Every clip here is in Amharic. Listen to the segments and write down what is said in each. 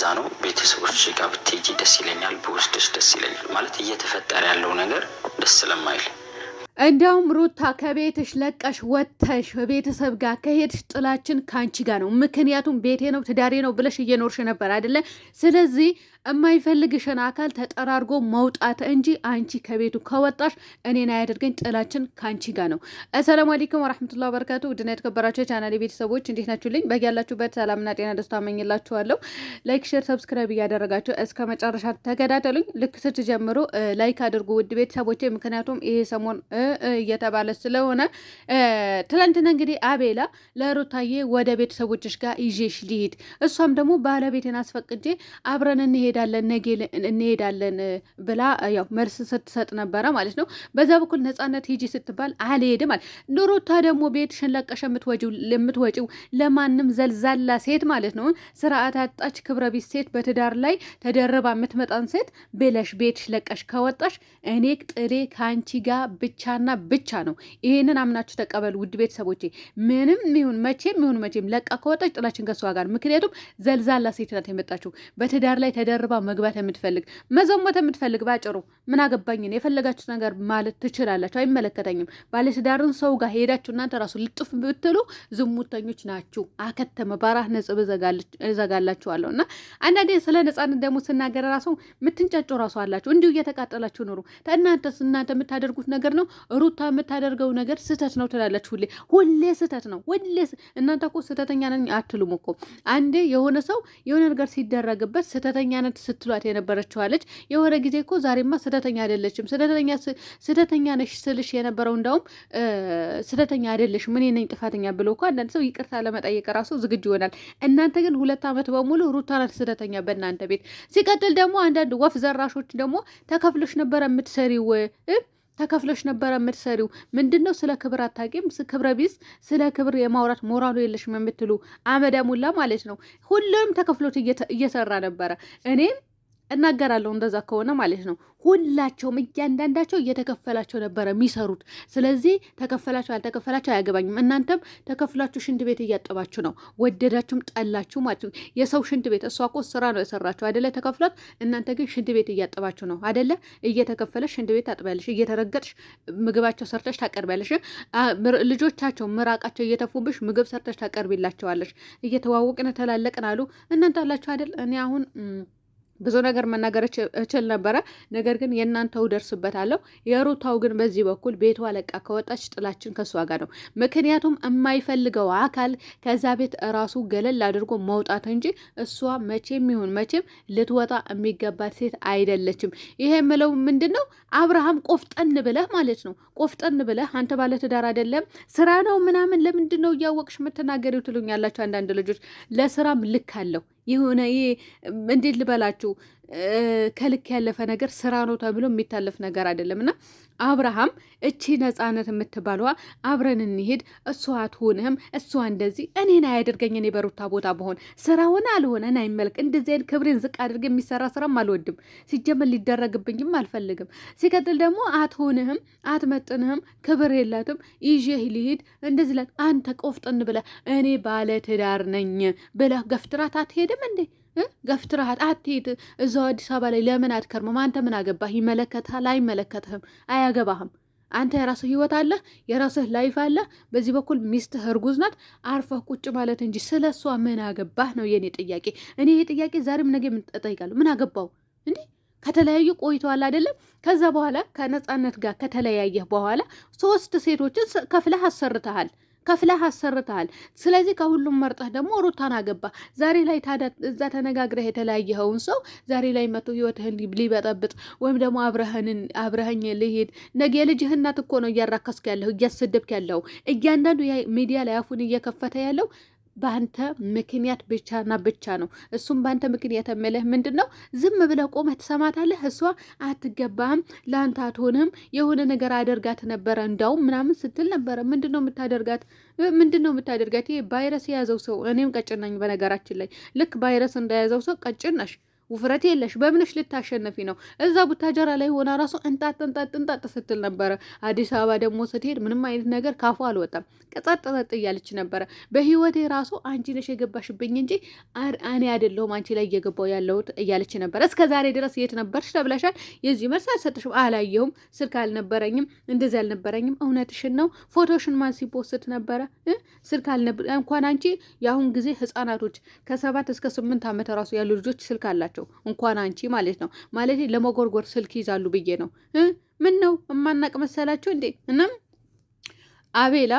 ለዛ ነው ቤተሰቦች ጋር ብትሄጂ ደስ ይለኛል፣ በውስድሽ ደስ ይለኛል ማለት እየተፈጠረ ያለው ነገር ደስ ስለማይል እንዲያውም ሩታ ከቤትሽ ለቀሽ ወጥተሽ ቤተሰብ ጋር ከሄድሽ ጥላችን ከአንቺ ጋር ነው። ምክንያቱም ቤቴ ነው ትዳሬ ነው ብለሽ እየኖርሽ ነበር አይደለ? ስለዚህ የማይፈልግሽን አካል ተጠራርጎ መውጣት እንጂ አንቺ ከቤቱ ከወጣሽ እኔን አያደርገኝ። ጥላችን ከአንቺ ጋር ነው። አሰላሙ አለይኩም ወራህመቱላሂ ወበረካቱ። ውድና የተከበራችሁ የቻናሌ ቤተሰቦች እንዴት ናችሁልኝ? በያላችሁበት ሰላምና ጤና ደስታ እመኝላችኋለሁ። ላይክ፣ ሼር፣ ሰብስክራይብ እያደረጋችሁ እስከ መጨረሻ ተከታተሉኝ። ልክ ስትጀምሩ ላይክ አድርጉ ውድ ቤተሰቦቼ፣ ምክንያቱም ይሄ ሰሞን እየተባለ ስለሆነ ትላንትና እንግዲህ አቤላ ለሩታዬ ወደ ቤተሰቦችሽ ጋር ይዤሽ ልሂድ እሷም ደግሞ ባለቤቴን አስፈቅጄ አብረን እንሄድ እንሄዳለን ነገ እንሄዳለን ብላ ያው መልስ ስትሰጥ ነበረ ማለት ነው። በዛ በኩል ነፃነት ሂጂ ስትባል አልሄድም አለ ሩታ ደግሞ ቤትሽን ለቀሽ የምትወጪው ለማንም ዘልዛላ ሴት ማለት ነው። ስርዓት አጣች ክብረ ቢስ ሴት በትዳር ላይ ተደርባ የምትመጣን ሴት ብለሽ ቤትሽ ለቀሽ ከወጣሽ እኔ ጥሌ ከአንቺ ጋር ብቻና ብቻ ነው። ይሄንን አምናችሁ ተቀበሉ ውድ ቤተሰቦቼ። ምንም ይሁን መቼም ይሁን መቼም ለቃ ከወጣች ጥላችን ከሷ ጋር ምክንያቱም ዘልዛላ ሴት ናት የመጣችው በትዳር ላይ ተደ ደርባ መግባት የምትፈልግ መዘሞት የምትፈልግ ባጭሩ ምን ነው የፈለጋችሁ ነገር ማለት ትችላላችሁ። አይመለከተኝም። ባለትዳርን ሰው ጋር ሄዳችሁ እናንተ ራሱ ልጥፍ ብትሉ ዝሙተኞች ናችሁ። አከተመ በአራት ነጽብ እዘጋላችኋለሁ። እና አንዳንዴ ስለ ነጻነት ደግሞ ስናገር ራሱ የምትንጫጩ ራሱ አላችሁ። እንዲሁ እየተቃጠላችሁ ኑሩ። እናንተስ እናንተ የምታደርጉት ነገር ነው። ሩታ የምታደርገው ነገር ስህተት ነው ትላላችሁ። ሁሌ ሁሌ ስህተት ነው ሁሌ። እናንተ እኮ ስህተተኛ ነኝ አትሉም እኮ። አንዴ የሆነ ሰው የሆነ ነገር ሲደረግበት ስህተተኛ ነ እውነት ስትሏት የነበረችዋለች ልጅ የሆነ ጊዜ እኮ ዛሬማ ስደተኛ አይደለችም፣ ስደተኛ ነሽ ስልሽ የነበረው እንዳውም ስደተኛ አይደለሽም እኔ ነኝ ጥፋተኛ ብሎ እኮ አንዳንድ ሰው ይቅርታ ለመጠየቅ ራሱ ዝግጁ ይሆናል። እናንተ ግን ሁለት ዓመት በሙሉ ሩታ ናት ስደተኛ በእናንተ ቤት። ሲቀጥል ደግሞ አንዳንድ ወፍ ዘራሾች ደግሞ ተከፍሎሽ ነበረ የምትሰሪው ተከፍለሽ ነበረ የምትሰሪው። ምንድን ነው ስለ ክብር አታውቂም? ክብረ ቢስ፣ ስለ ክብር የማውራት ሞራሉ የለሽም የምትሉ አመዳሙላ ማለት ነው። ሁሉም ተከፍሎት እየሰራ ነበረ እኔም እናገራለሁ እንደዛ ከሆነ ማለት ነው። ሁላቸውም እያንዳንዳቸው እየተከፈላቸው ነበረ የሚሰሩት። ስለዚህ ተከፈላቸው ያልተከፈላቸው አያገባኝም። እናንተም ተከፍላችሁ ሽንት ቤት እያጠባችሁ ነው፣ ወደዳችሁም ጠላችሁ ማለት ነው። የሰው ሽንት ቤት እሷ እኮ ስራ ነው የሰራችሁ አደለ? ተከፍሏት። እናንተ ግን ሽንት ቤት እያጠባችሁ ነው አደለ? እየተከፈለች ሽንት ቤት ታጥቢያለሽ፣ እየተረገጥሽ ምግባቸው ሰርተሽ ታቀርቢያለሽ። ልጆቻቸው ምራቃቸው እየተፉብሽ ምግብ ሰርተሽ ታቀርቢላቸዋለሽ። እየተዋወቅን ተላለቅን አሉ እናንተ አላችሁ አደል? እኔ አሁን ብዙ ነገር መናገር እችል ነበረ። ነገር ግን የእናንተው ደርስበታለሁ። የሩታው ግን በዚህ በኩል ቤቷ ለቃ ከወጣች ጥላችን ከእሷ ጋር ነው። ምክንያቱም የማይፈልገው አካል ከዛ ቤት እራሱ ገለል አድርጎ መውጣት እንጂ እሷ መቼም ይሁን መቼም ልትወጣ የሚገባት ሴት አይደለችም። ይሄ የምለው ምንድን ነው አብርሃም ቆፍጠን ብለህ ማለት ነው ቆፍጠን ብለህ አንተ ባለትዳር አይደለም ስራ ነው ምናምን ለምንድን ነው እያወቅሽ የምትናገሪው? ትሉኛላችሁ አንዳንድ ልጆች። ለስራም ልክ አለው የሆነ ይሄ እንዴት ልበላችሁ ከልክ ያለፈ ነገር ስራ ነው ተብሎ የሚታለፍ ነገር አይደለም። እና አብርሃም እቺ ነጻነት የምትባለዋ አብረን እንሄድ፣ እሷ አትሆንህም፣ እሷ እንደዚህ እኔን አያደርገኝ። እኔ በሩታ ቦታ በሆን ስራ ሆነ አልሆነን አይመልክ። እንደዚህ አይነት ክብሬን ዝቅ አድርግ የሚሰራ ስራም አልወድም። ሲጀመር ሊደረግብኝም አልፈልግም። ሲቀጥል ደግሞ አትሆንህም፣ አትመጥንህም፣ ክብር የላትም፣ ይዤህ ሊሄድ እንደዚህ ላት አንተ ቆፍጥን ብለህ እኔ ባለ ትዳር ነኝ ብለህ ገፍትራት አትሄድም እንዴ? ገፍትረሃት አትሄድ እዛው አዲስ አበባ ላይ ለምን አትከርመም? አንተ ምን አገባህ? ይመለከትሃል አይመለከትህም? አያገባህም። አንተ የራስህ ህይወት አለ የራስህ ላይፍ አለ በዚህ በኩል ሚስትህ እርጉዝ ናት። አርፈህ ቁጭ ማለት እንጂ ስለ እሷ ምን አገባህ ነው የኔ ጥያቄ። እኔ ይሄ ጥያቄ ዛሬም ነገ እጠይቃለሁ። ምን አገባው እንዴ? ከተለያዩ ቆይተዋል አይደለም? ከዛ በኋላ ከነፃነት ጋር ከተለያየህ በኋላ ሶስት ሴቶችን ከፍለህ አሰርተሃል። ከፍለህ አሰርተሃል። ስለዚህ ከሁሉም መርጠህ ደግሞ ሩታን አገባ። ዛሬ ላይ ታዲያ እዛ ተነጋግረህ የተለያየኸውን ሰው ዛሬ ላይ መቶ ህይወትህን ሊበጠብጥ ወይም ደግሞ አብረህንን አብረኸኝ ልሄድ ነገ የልጅህ እናት እኮ ነው እያራከስክ ያለሁ እያሰደብክ ያለሁ እያንዳንዱ ሚዲያ ላይ አፉን እየከፈተ ያለው በአንተ ምክንያት ብቻና ብቻ ነው። እሱም በአንተ ምክንያት የምልህ ምንድን ነው? ዝም ብለህ ቆመህ ትሰማታለህ። እሷ አትገባህም፣ ለአንተ አትሆንም፣ የሆነ ነገር አደርጋት ነበረ እንዳውም ምናምን ስትል ነበረ። ምንድን ነው የምታደርጋት? ምንድን ነው የምታደርጋት? ይሄ ቫይረስ የያዘው ሰው እኔም ቀጭን ነኝ በነገራችን ላይ ልክ ቫይረስ እንደያዘው ሰው ቀጭን ነሽ። ውፍረት የለሽ በምንሽ ልታሸነፊ ነው? እዛ ቡታጀራ ላይ ሆና ራሱ እንጣጥ እንጣጥ እንጣጥ ስትል ነበረ። አዲስ አበባ ደግሞ ስትሄድ ምንም አይነት ነገር ካፏ አልወጣም። ቀጻጠጠጥ እያለች ነበረ። በህይወቴ ራሱ አንቺ ነሽ የገባሽብኝ እንጂ እኔ አይደለሁም አንቺ ላይ እየገባው ያለሁት እያለች ነበረ። እስከ ዛሬ ድረስ የት ነበርሽ ተብለሻል። የዚህ መልስ አልሰጥሽም። አላየሁም፣ ስልክ አልነበረኝም፣ እንደዚ አልነበረኝም። እውነትሽን ነው። ፎቶሽን ማን ሲፖስት ነበረ? ስልክ አልነበረ እንኳን አንቺ የአሁን ጊዜ ህጻናቶች ከሰባት እስከ ስምንት ዓመት ራሱ ያሉ ልጆች ስልክ አላቸው። ናቸው። እንኳን አንቺ ማለት ነው ማለት ለመጎርጎር ስልክ ይዛሉ ብዬ ነው። ምን ነው እማናቅ መሰላችሁ እንዴ? እናም አቤላ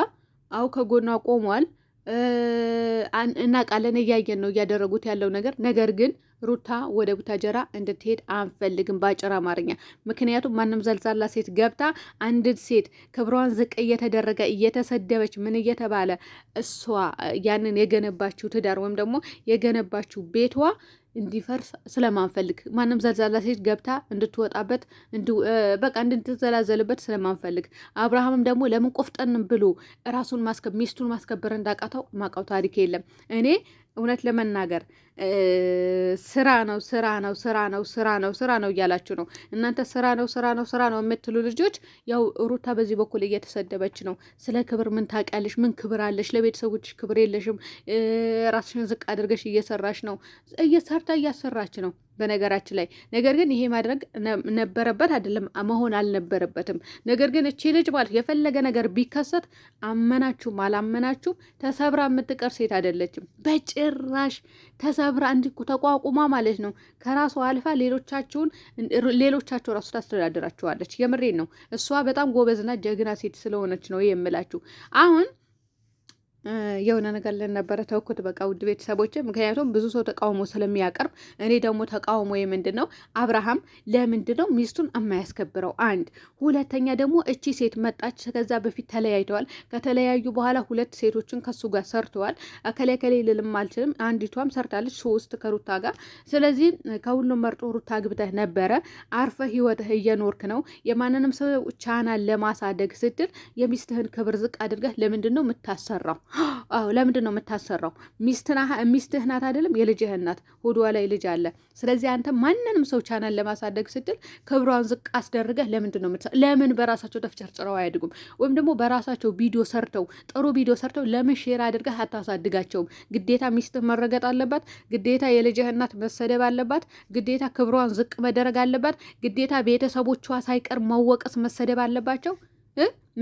አው ከጎኗ ቆሟል። እናቃለን፣ እያየን ነው እያደረጉት ያለው ነገር ነገር ግን ሩታ ወደ ቡታጀራ እንድትሄድ አንፈልግም፣ በአጭር አማርኛ። ምክንያቱም ማንም ዘልዛላ ሴት ገብታ አንድን ሴት ክብሯን ዝቅ እየተደረገ እየተሰደበች ምን እየተባለ እሷ ያንን የገነባችው ትዳር ወይም ደግሞ የገነባችው ቤቷ እንዲፈርስ ስለማንፈልግ ማንም ዘልዛላ ሴት ገብታ እንድትወጣበት በቃ እንድትዘላዘልበት ስለማንፈልግ። አብርሃምም ደግሞ ለምን ቆፍጠን ብሎ ራሱን ሚስቱን ማስከበር እንዳቃተው ማቃው ታሪክ የለም። እኔ እውነት ለመናገር ስራ ነው ስራ ነው ስራ ነው ስራ ነው ስራ ነው እያላችሁ ነው እናንተ ስራ ነው ስራ ነው ስራ ነው የምትሉ ልጆች። ያው ሩታ በዚህ በኩል እየተሰደበች ነው። ስለ ክብር ምን ታውቂያለሽ? ምን ክብር አለሽ? ለቤተሰቦች ክብር የለሽም። ራስሽን ዝቅ አድርገሽ እየሰራሽ ነው። እየሰርታ እያሰራች ነው በነገራችን ላይ ነገር ግን ይሄ ማድረግ ነበረበት አይደለም፣ መሆን አልነበረበትም። ነገር ግን እቺ ልጅ ማለት የፈለገ ነገር ቢከሰት አመናችሁም አላመናችሁም ተሰብራ የምትቀር ሴት አይደለችም በጭራሽ ተሰብ አብራ እንዲህ ተቋቁማ ማለት ነው ከራሷ አልፋ ሌሎቻቸውን ሌሎቻቸው ራሱ ታስተዳድራቸዋለች። የምሬን ነው። እሷ በጣም ጎበዝና ጀግና ሴት ስለሆነች ነው የምላችሁ አሁን የሆነ ነገር ልነበረ ተውኩት፣ በቃ ውድ ቤተሰቦች። ምክንያቱም ብዙ ሰው ተቃውሞ ስለሚያቀርብ እኔ ደግሞ ተቃውሞ የምንድን ነው አብርሃም ለምንድን ነው ሚስቱን የማያስከብረው? አንድ ሁለተኛ ደግሞ እቺ ሴት መጣች። ከዛ በፊት ተለያይተዋል። ከተለያዩ በኋላ ሁለት ሴቶችን ከሱ ጋር ሰርተዋል። ከላይ ከላይ ልልም አልችልም። አንዲቷም ሰርታለች፣ ሶስት ከሩታ ጋር። ስለዚህ ከሁሉም መርጦ ሩታ ግብተህ ነበረ። አርፈ ህይወትህ እየኖርክ ነው። የማንንም ሰው ቻናል ለማሳደግ ስትል የሚስትህን ክብር ዝቅ አድርገህ ለምንድን ነው የምታሰራው? አዎ ለምንድን ነው የምታሰራው? ሚስትህ ናት አይደለም? የልጅህ ናት። ሆዷ ላይ ልጅ አለ። ስለዚህ አንተ ማንንም ሰው ቻናል ለማሳደግ ስትል ክብሯን ዝቅ አስደርገህ ለምንድን ነው ለምን በራሳቸው ተፍጨርጭረው አያድጉም? ወይም ደግሞ በራሳቸው ቪዲዮ ሰርተው ጥሩ ቪዲዮ ሰርተው ለምን ሼር አድርገህ አታሳድጋቸውም? ግዴታ ሚስትህ መረገጥ አለባት? ግዴታ የልጅህ ናት መሰደብ አለባት? ግዴታ ክብሯን ዝቅ መደረግ አለባት? ግዴታ ቤተሰቦቿ ሳይቀር መወቀስ መሰደብ አለባቸው?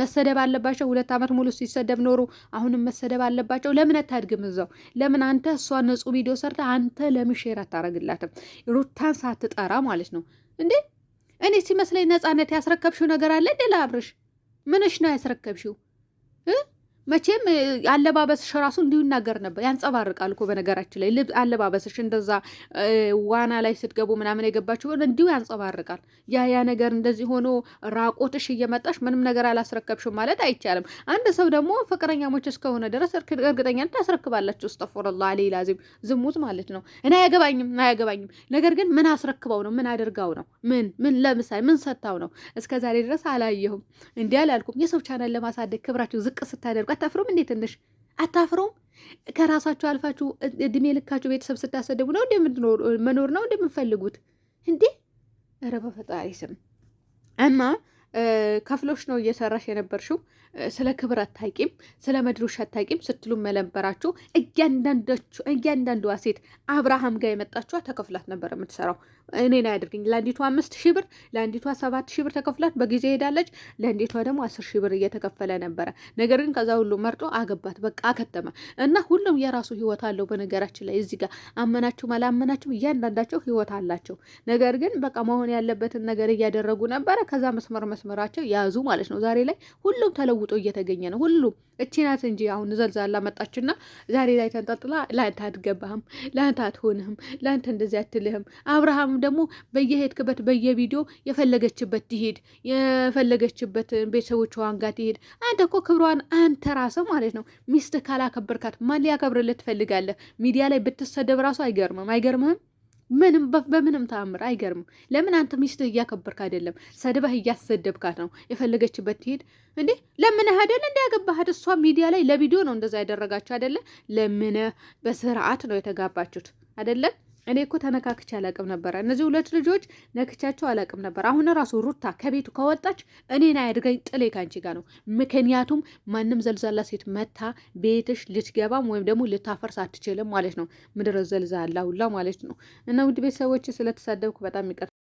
መሰደብ አለባቸው። ሁለት ዓመት ሙሉ ሲሰደብ ኖሩ። አሁንም መሰደብ አለባቸው። ለምን አታድግም እዛው? ለምን አንተ እሷ ንጹህ ቪዲዮ ሰርተ አንተ ለምን ሼር አታረግላትም? ሩታን ሳትጠራ ማለት ነው እንዴ? እኔ ሲመስለኝ ነፃነት ያስረከብሽው ነገር አለ እንዴ? ለአብርሽ ምንሽ ነው ያስረከብሽው? መቼም አለባበስሽ ራሱ እንዲሁ ይናገር ነበር፣ ያንጸባርቃል እኮ በነገራችን ላይ ልብ አለባበስሽ፣ እንደዛ ዋና ላይ ስትገቡ ምናምን የገባችሁ እንዲሁ ያንጸባርቃል። ያ ያ ነገር እንደዚህ ሆኖ ራቆትሽ እየመጣሽ ምንም ነገር አላስረከብሽም ማለት አይቻልም። አንድ ሰው ደግሞ ፍቅረኛሞች እስከሆነ ድረስ እርግጠኛ ታስረክባላችሁ። እስተፎረላ አሌ ላዚም ዝሙት ማለት ነው። እኔ አያገባኝም አያገባኝም። ነገር ግን ምን አስረክበው ነው? ምን አድርጋው ነው? ምን ምን ለምሳሌ ምን ሰታው ነው? እስከዛሬ ድረስ አላየሁም። እንዲህ አላልኩም። የሰው ቻናል ለማሳደግ ክብራችሁ ዝቅ ስታደርጓት አታፍሩም እንዴ? ትንሽ አታፍሩም? ከራሳችሁ አልፋችሁ እድሜ ልካችሁ ቤተሰብ ስታሰደቡ ነው መኖር ነው እንደምትፈልጉት እንዴ? ኧረ በፈጣሪ ስም እማ ከፍሎሽ ነው እየሰራሽ የነበርሽው። ስለ ክብር አታቂም፣ ስለ መድሮሽ አታቂም ስትሉ መለንበራችሁ። እያንዳንዷ ሴት አብርሃም ጋር የመጣችኋ ተከፍላት ነበር የምትሰራው። እኔን አያድርግኝ። ለአንዲቷ አምስት ሺህ ብር ለአንዲቷ ሰባት ሺህ ብር ተከፍላት በጊዜ ሄዳለች። ለአንዲቷ ደግሞ አስር ሺህ ብር እየተከፈለ ነበረ። ነገር ግን ከዛ ሁሉ መርጦ አገባት። በቃ አከተመ እና ሁሉም የራሱ ህይወት አለው። በነገራችን ላይ እዚህ ጋር አመናችሁም አላመናችሁም እያንዳንዳቸው ህይወት አላቸው። ነገር ግን በቃ መሆን ያለበትን ነገር እያደረጉ ነበረ። ከዛ መስመር መስመራቸው ያዙ ማለት ነው። ዛሬ ላይ ሁሉም ተለውጦ እየተገኘ ነው ሁሉም እቺ ናት እንጂ አሁን ዘልዛላ መጣችና ዛሬ ላይ ተንጠጥላ ለአንተ አትገባህም፣ ለአንተ አትሆንህም፣ ለአንተ እንደዚህ አትልህም። አብርሃም ደግሞ በየሄድክበት በየቪዲዮ የፈለገችበት ትሄድ፣ የፈለገችበት ቤተሰቦቿን ጋር ትሄድ። አንተ እኮ ክብሯን አንተ ራስህ ማለት ነው ሚስት ካላከበርካት ማን ሊያከብርልህ ትፈልጋለህ? ሚዲያ ላይ ብትሰደብ ራሱ አይገርምም? አይገርምህም? ምንም በምንም ተአምር አይገርምም። ለምን አንተ ሚስትህ እያከበርክ አይደለም፣ ሰድበህ እያሰደብካት ነው። የፈለገችበት ትሄድ እንዴ? ለምን አይደል እንዳያገባህ። እሷ ሚዲያ ላይ ለቪዲዮ ነው እንደዛ ያደረጋችሁ አይደለ? ለምን በስርዓት ነው የተጋባችሁት አይደለም? እኔ እኮ ተነካክቼ አላቅም ነበረ። እነዚህ ሁለት ልጆች ነክቻቸው አላቅም ነበር። አሁን ራሱ ሩታ ከቤቱ ከወጣች እኔን አያድገኝ ጥሌ ከአንቺ ጋር ነው። ምክንያቱም ማንም ዘልዛላ ሴት መታ ቤትሽ ልትገባም ወይም ደግሞ ልታፈርስ አትችልም ማለት ነው። ምድረ ዘልዛላ ሁላ ማለት ነው። እና ውድ ቤተሰቦች ስለተሳደብኩ በጣም ይቀር